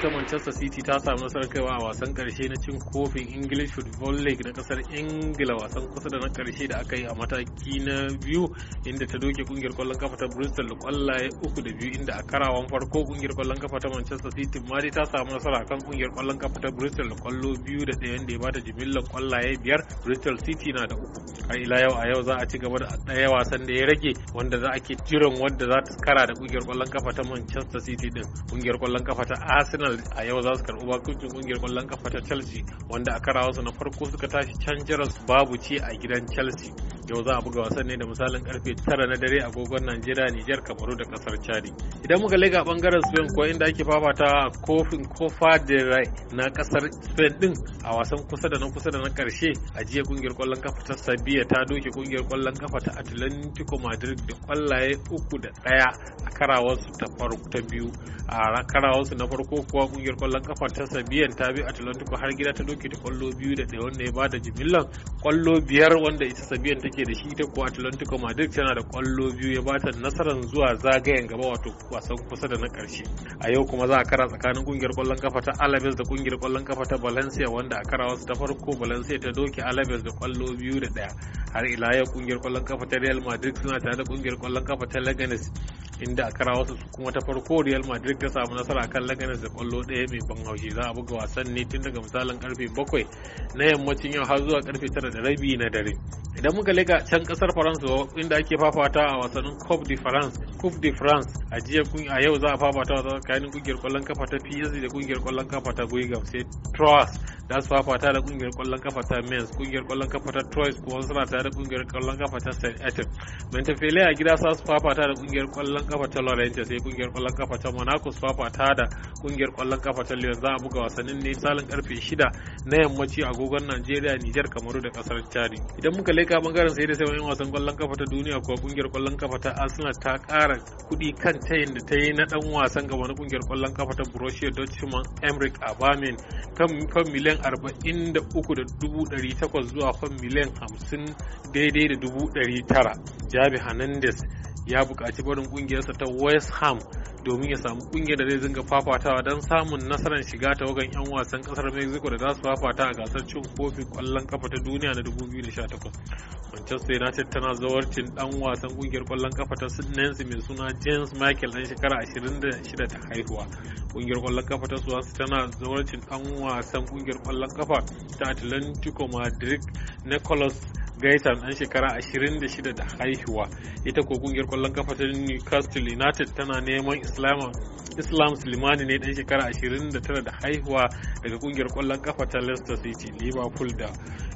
ta manchester city ta samu nasarar kaiwa a wasan karshe na cin kofin english football league na kasar ingila wasan kusa da na karshe da aka yi a mataki na biyu inda ta doke kungiyar kwallon kafa ta bristol da kwallaye uku da biyu inda a karawan farko kungiyar kwallon kafa ta manchester city ma dai ta samu nasara kan kungiyar kwallon kafa ta bristol da kwallo biyu da ɗaya da ya bata jimillar kwallaye biyar bristol city na da uku har ila yau a yau za a ci gaba da ɗaya wasan da ya rage wanda za a ke jiran wadda za ta kara da kungiyar kwallon kafa ta manchester city din kungiyar kwallon kafa ta arsenal arsenal a yau za su karɓi bakuncin kungiyar kwallon kafa ta chelsea wanda a karawarsu na farko suka tashi can su babu ci a gidan chelsea yau za a buga wasan ne da misalin karfe 9 na dare agogon Najeriya Nijar Kamaru da kasar Chadi idan muka lega bangaren Spain ko inda ake fafata kofin Copa del Rey na kasar Spain din a wasan kusa da na kusa da na karshe a jiya kungiyar kwallon kafa ta Sabia ta doke kungiyar kwallon kafa ta Atlantico Madrid da kwallaye uku da ɗaya a karawarsu ta farko ta biyu a karawarsu na farko kuwa kungiyar kwallon kafa ta Sabiyan ta bi Atlantico har gida ta doke ta kwallo biyu da daya wanda ya bada jimillan kwallo biyar wanda ita Sabiyan take take da shi ta kuwa Atlantico Madrid tana da kwallo biyu ya bata nasarar zuwa zagayen gaba wato wasan kusa da na karshe. A yau kuma za a kara tsakanin kungiyar kwallon kafa ta Alaves da kungiyar kwallon kafa ta Valencia wanda a wasu ta farko Valencia ta doke Alaves da kwallo biyu da daya. Har ila yau kungiyar kwallon kafa ta Real Madrid suna tare da kungiyar kwallon kafa ta Leganes inda a kara wasu kuma ta farko Real Madrid ta samu nasara kan Leganes da kwallo daya mai ban haushi za a buga wasan ne tun daga misalin karfe bakwai na yammacin yau har zuwa karfe tara da rabi na dare. idan muka leka can kasar faransa inda ake fafata a wasannin coupe de france coupe de france a jiya a yau za a fafata a tsakanin kungiyar kwallon kafa ta psg da kungiyar kwallon kafa ta guigam sai trois da su ta da kungiyar kwallon kafa ta mens kungiyar kwallon kafa ta troyes kuwa suna tare da kungiyar kwallon kafa ta st etim mentefele a gida su ta da kungiyar kwallon kafa ta lorente sai kungiyar kwallon kafa ta monaco su ta da kungiyar kwallon kafa ta lyon za a buga wasannin ne salin karfe shida na yammaci a agogon najeriya nijar kamaru da kasar chadi idan muka leka bangaren sai da sai wani wasan kwallon kafa ta duniya kuwa kungiyar kwallon kafa ta arsenal ta kara kudi kan tayin da ta yi na dan wasan gaba na kungiyar kwallon kafa ta borussia dortmund emric abamin kan fan miliyan 43,800 zuwa fan miliyan 50 daidai da 900 jabi hernandez ya buƙaci barin ƙungiyarsa ta west ham domin ya samu kungiyar da zai zinga fafatawa don samun nasarar shiga ta wagan 'yan wasan kasar mexico da za su fafata a gasar cin kofin kwallon kafa ta duniya na 2018 manchester united tana zawarcin dan wasan kungiyar kwallon kafa ta nancy mai suna james michael dan shekara 26 ta haihuwa kungiyar kwallon kafa ta suwansu tana zawarcin dan wasan kungiyar kwallon kafa ta atlantico madrid nicholas gaita dan shekara 26 da haihuwa ita ko kungiyar kwallon kafa ta newcastle united tana neman islam islam slimani ne dan shekara 29 da haihuwa daga kungiyar kwallon kafa ta leicester city liverpool da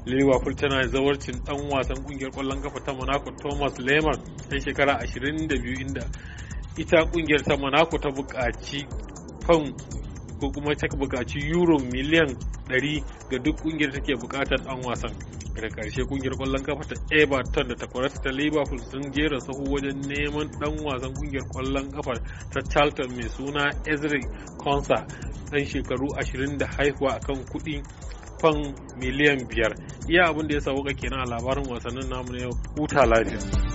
liverpool tana zawarcin dan wasan kungiyar kwallon kafa ta monaco thomas lehmann dan shekara 22 inda ita kungiyar ta monaco ta buƙaci kan ko kuma ta buƙaci euro miliyan 100 ga duk kungiyar take buƙatar dan wasan daga karshe kungiyar kwallon kafa ta everton da takwarar ta liverpool sun jera sahu wajen neman dan wasan kungiyar kwallon kafa ta charlton mai suna ezre konsa dan shekaru 20 da haihuwa akan kuɗi fan miliyan biyar iya abin da ya sauka kenan a labarin wasannin namu na yau huta lafiya